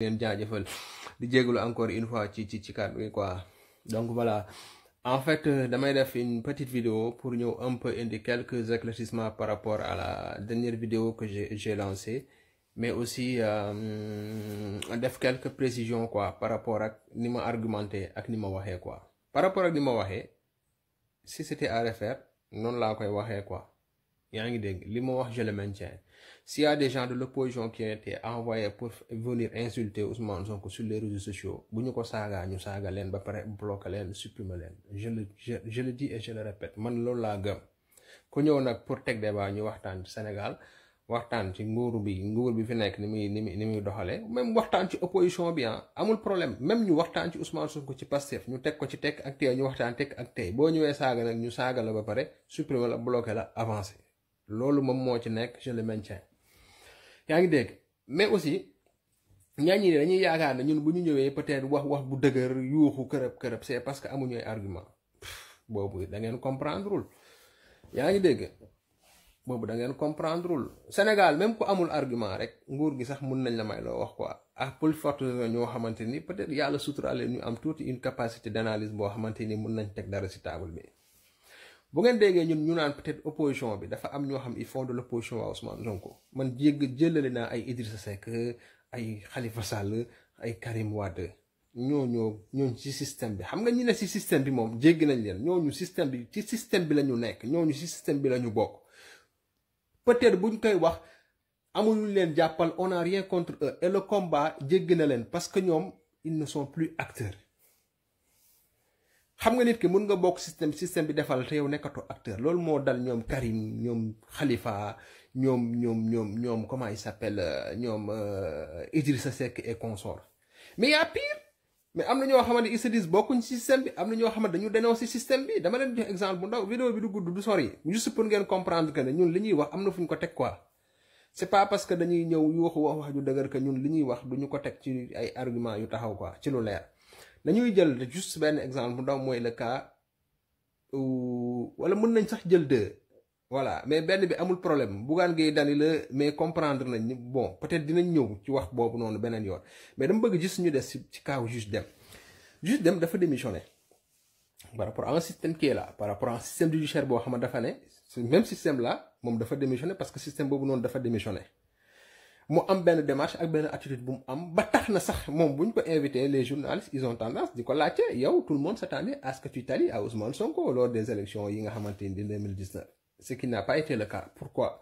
leen jaajëfal di jégalu encore une fois ci ci ci kàddu yi quoi donc voilà en fait euh, damay def une petite video pour ñëw un indi quelques éclaircissements par rapport à la dernière vidéo que j'ai j'ai lancée mais aussi euh, def quelque précision quoi par rapport ak ni ma argumenté ak ni ma waxee quoi par rapport ak ni ma waxee si c'était à refaire noonu laa koy waxee quoi yaa ngi dégg li ma wax je le maintiens s'il a des gens de l'opposition qui ont été envoyés pour venir insulter Ousmane Sonko sur les réseaux sociaux bu ñu ko saagaa ñu saaga leen ba pare bloqué leen supprimer leen je le je je le dis et je le répète man loolu laa gëm ku ñëw nag pour teg dee débat ñu waxtaan ci Sénégal waxtaan ci nguur bi nguur bi fi nekk ni muy ni muy ni muy doxalee même waxtaan ci opposition bi ah amul problème même ñu waxtaan ci Ousmane ko ci Pastef ñu teg ko ci tekk ak tey ñu waxtaan ak tey boo ñëwee saaga nag ñu saaga la pare supprimer la bloqué la avancé. loolu moom moo ci nekk je le maintiens yaa ngi dégg mais aussi ñaan ñi ne dañuy yaakaar ne ñun bu ñu ñëwee peut-être wax wax bu dëgër yuuxu kërëb kërëb c'est parce que amuñu ay argument boobu dangeen ngeen comprendrewul yaa ngi dégg boobu da ngeen comprendrewul Sénégal même ku amul argument rek nguur gi sax mun nañ la may loo wax quoi ah pour forte ñoo xamante ni peut-être yàlla leen ñu am tuuti une capacité d'analyse boo xamante ni mun nañ teg dara ci table bi. bu ngeen déggee ñun ñu naan peut-être opposition bi dafa am ñoo xam ils font de l'opposition à Ousmane Sonko man jégg jëlale naa ay Idrissa Seck ay Khalifa Sall ay Karim Wade ñooñoo ñooñu ci système bi xam nga ñi ne ci système bi moom jéggi nañ leen ñooñu système bi ci système bi la ñu nekk ñooñu ci système bi la ñu bokk peut-être buñ koy wax amuñu leen jàppal on n'a rien contre eux et le combat jéggi na leen parce que ñoom ils ne sont plus acteurs xam nga nit ki mun nga bokk système système bi defal te yow nekkatoo acteur loolu moo dal ñoom Karim ñoom xalifa ñoom ñoom ñoom ñoom comment il s'appelle euh, ñoom euh, Idrissa Seck et consort mais y a pire mais am na ñoo xamante ils se disent bokkuñ ci système bi am na ñoo xamante dañu dénoncer système bi dama leen jox exemple bu ndaw vidéo bi du gudd du sori juste pour ngeen comprendre que ne ñun li ñuy wax am na fu ñu ko teg quoi c'est pas parce que dañuy ñëw yu wax wax ju dëgër que ñun li ñuy wax du ñu ko teg ci ay argument yu taxaw quoi ci lu leer dañuy jël juste benn exemple bu ndaw mooy le cas wala mën nañ sax jël deux voilà mais benn bi amul problème Bougane Gueye Dany la mais comprendre nañ bon peut-être dinañ ñëw ci wax boobu noonu beneen yoon mais dama bëgg gis ñu des ci kaaw juge Dème juge dem dafa démissionné par rapport à un système qui est par rapport un système judiciaire boo xam ne dafa ne même système là moom dafa démissionné parce que système boobu noonu dafa démissionné mu am benn démarche ak benn attitude bu mu am ba tax na sax moom bu ñu ko invité les journalistes ils tendance di ko laajte yow tout le monde s'attendait à ce que tu t'allies Sonko lors des élections yi nga xamante ni 2019 ce qui n'a pas été le cas pourquoi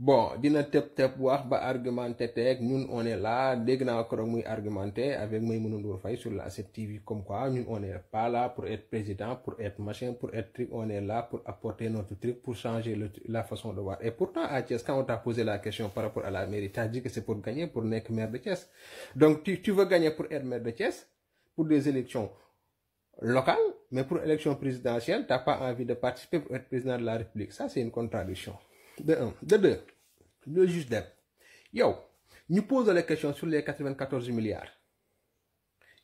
bon dina tëb tëb wax ba argumenté teeg ñun on est là dégg naa ko muy argumenté avec Maimouna Ndour Faye sur la 7TV comme quoi ñun on est pas là pour être président pour être machin pour être truc on est là pour apporter notre truc pour changer le, la façon de voir et pourtant à Thiès quand on t'a posé la question par rapport à la mairie t'as dit que c'est pour gagner pour être maire de Thiès pour des élections locales mais pour élection présidentielle t'as pas envie de participer pour être de un de le juge dem yow ñu pose les questions sur les quatre-vingt-quatorze milliards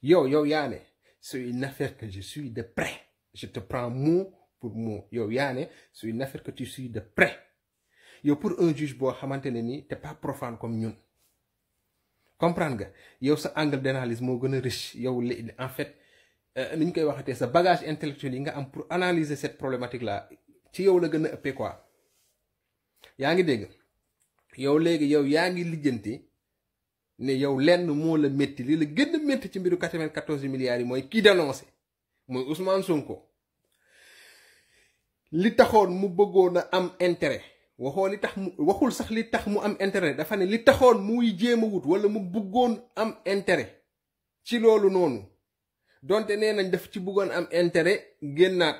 yow yow yaa ne c'est une affaire que je suis de près je te prends mot pour mot yow yaa ne c'est une affaire de près yow pour un juge boo xamante ne nii t'es pas profane comme ñun comprendre nga yow sa angle d'analyse moo gën a riche yow li en fait euh, ni ñu koy waxatee sa bagage intellectuel yi nga am pour analyser cette problématique là ci yow la gën a ëppee quoi. yaa ngi dégg yow léegi yow yaa ngi lijjanti ne yow lenn moo la métti li la gën a métti ci mbiru 94 milliards yi mooy kii dénoncé mooy Ousmane Sonko li taxoon mu bëggoon a am intérêt waxoo li tax mu waxul sax li tax mu am intérêt dafa ne li taxoon muy jéem a wut wala mu bëggoon am intérêt ci loolu noonu donte nee nañ daf ci bëggoon am intérêt génnaat.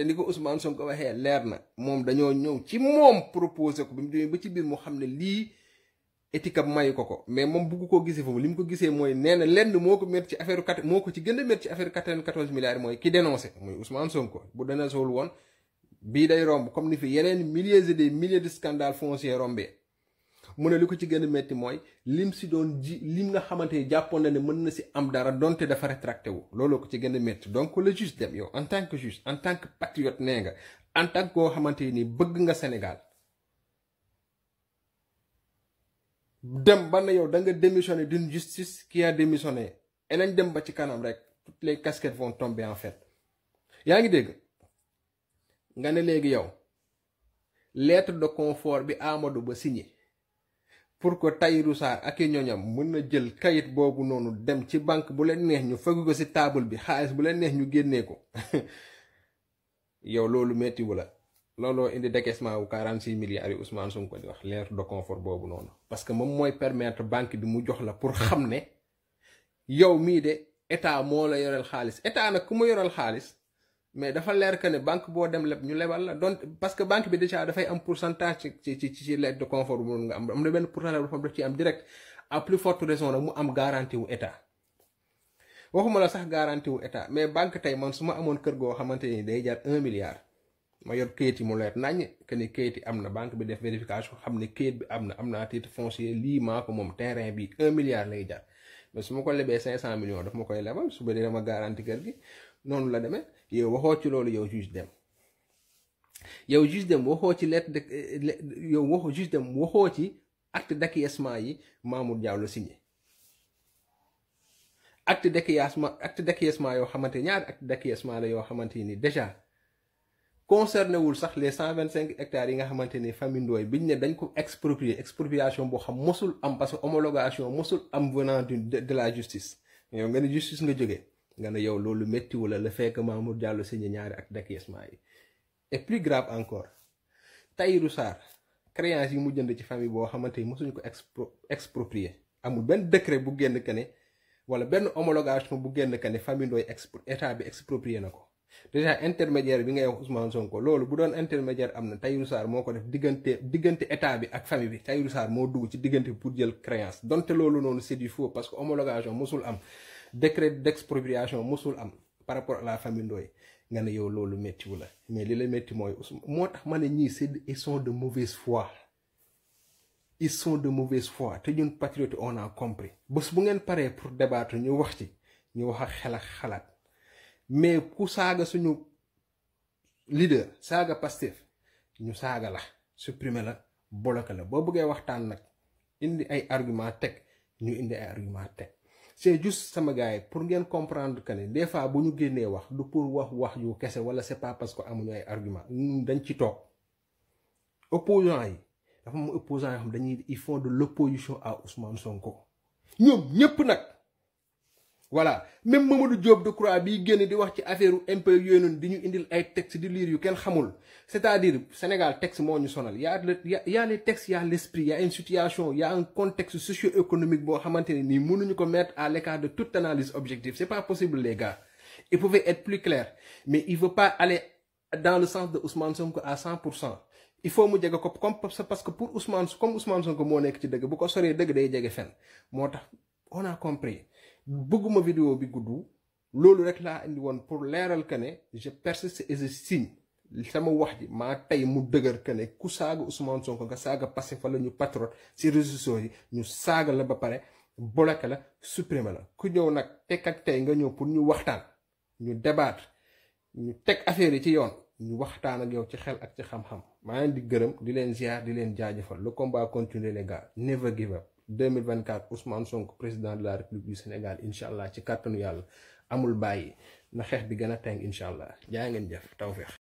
te ni ko Ousmane Sonko waxee leer na moom dañoo ñëw ci moom proposé ko bi mu ci biir mu xam ne lii étikab mayu ko ko mais moom bugg koo gisee foofu li mu ko gisee mooy nee na lenn moo ko métti ci affaire moo ko ci gën a métti ci affaire 94 milliards mooy ki dénoncé muy Ousmane Sonko bu dénoncé wul woon bii day romb comme ni fi yeneen milliers et des milliers de scandales fonciers rombee mu ne li ko ci gën a métti mooy lim si doon ji lim nga xamante ni jàppoon na ne mën na si am dara donte dafa rétracté wu looloo ko ci gën metti métti donc le juge dem yow en tant que juge en tant que patriote nee nga en tant que koo xamante nii bëgg nga senegal dem ba ne yow da nga démissionné d'une justice qui a démissionné et nañ dem ba ci kanam rek toutes les casquettes vont tomber en fait yaa ngi dégg nga ne léegi yow lettre de confort bi Amadou Ba signé. pour que Tahirou Sarr ak i ñooñam mën na jël kayit boobu noonu dem ci banque bu leen neex ñu fëgg ko ci taabal bi xaalis bu leen neex ñu génnee ko yow loolu méttiwu la looloo indi décaissement wu 46 milliards yi Ousmane ko di wax l'air de confort boobu noonu parce que moom mooy permettre banque bi mu jox la pour xam ne yow mii de état moo la yoreel xaalis état nag ku mu yoreel xaalis mais dafa leer que banque boo dem leb ñu lebal la donc parce que banque bi déjà dafay am pourcentage ci ci ci lettre de confort bu nga am am na benn pourcentage boo xam daf ci am direct à plus forte mu am garantie wu état waxuma la sax garantie wu état mais banque tey man su ma amoon kër goo xamante ni day jar un milliard ma yor kayit yi mu leer naññ que ni kayit yi am na banque bi def vérification xam ne kayit bi am na am naa titre foncier lii maa ko moom terrain bi un milliard lay jar mais su ma ko lebee cinq cent millions daf ma koy lebal su ba dina ma garantie kër gi. noonu la demee yow waxoo ci loolu yow juge dem yow juge dem waxoo ci lettre de eh, yow waxoo juge waxoo ci acte d'acquiescement yi Mamour Diaw la signé acte d'acquiescement acte d'acquiescement yoo xamante ñaari acte d'acquiescement la yoo xamante ni déjà concerné wul sax les cent vingt cinq hectares yi nga xamante ni famille Ndoye biñ ne dañ ko exproprier expropriation boo xam mosul am parce que homologation mosul am venant de la justice yow nga ne justice nga jógee. nga ne yow loolu métti la le fait que Mamour Diallo signé ñaari ak d'acquiescement yi et plus grave encore Tahirou Sarr créance yi mu jënd ci famille boo xamante ni mosuñu ko expro exproprié amul benn décret bu génn que ne wala benn homologation bu génn que ne famille Ndoye expro état bi exproprié na ko déjà intermédiaire bi ngay wax Ousmane Sonko loolu bu doon intermédiaire am na Tahirou Sarr moo ko def diggante diggante état bi ak famille bi Tahirou Sarr moo dugg ci diggante bi pour jël créance donte loolu noonu c'est parce que homologation mosul am. décret d'expropriation mosul am par rapport à la famille Ndoye nga ne yow loolu méttiwu la mais li la métti mooy Ousmane moo tax ma ne ñii c'est ils sont de mauvaise fois ils sont de mauvaise fois te ñun patriote on a compris bés bu ngeen paree pour débattre ñu wax ci ñu wax a xel ak xalaat mais ku saaga suñu leader saaga Pastef ñu saaga la supprimer la bloquer la boo bëggee waxtaan nag indi ay argument teg ñu indi ay argument teg c'est juste sama gars yi pour ngeen comprendre que ni des fois bu ñu génnee wax du pour wax wax yu kese wala c'est pas parce que amuñu ay argument dañ ci toog opposant yi dafa am opposant yoo xam dañuy ils font de l'opposition à Ousmane Sonko ñoom ñëpp nag. voilà même Mamadou Diop Decroix bi génn di wax ci affaire impôt yooyu noonu di ñu indil ay texte di lire yu kenn xamul c'est-à-dire Sénégal texte moo ñu sonal y a y a les textes y une situation y a un contexte socio-économique boo xamante ne nii mënuñu ko mettre à l'écart de toute analyse objective c'est pas possible les gars il pouvait être plus clair mais il veut pas aller dans le sens de Ousmane Sonko à 100 pour cent il faut mu jege ko comme parce que pour Ousmane comme Ousmane Sonko moo nekk ci dëgg bu ko soree dëgg day jege fen moo tax on a compris bëgguma vidéo bi gudd loolu rek laa indi woon pour leeral que ne je persiste et je signe sama wax ji maa tey mu dëgër que ne ku saaga Ousmane Sonko nga saaga passé fa la ñu patriote ci réseaux yi ñu saaga la ba pare bloqué la supprimer la ku ñëw nag teg tey nga ñëw pour ñu waxtaan ñu débattre ñu teg affaire yi ci yoon ñu waxtaan ak yow ci xel ak ci xam-xam maa ngi di gërëm di leen ziar di leen jaajëfal le combat continue les gars never give up 2024 Ousmane Sonko président de la République du Sénégal incha allah ci kàttanu yàlla amul bàyyi na xeex bi gën a teng incha allah jaa ngeen taw tawfeex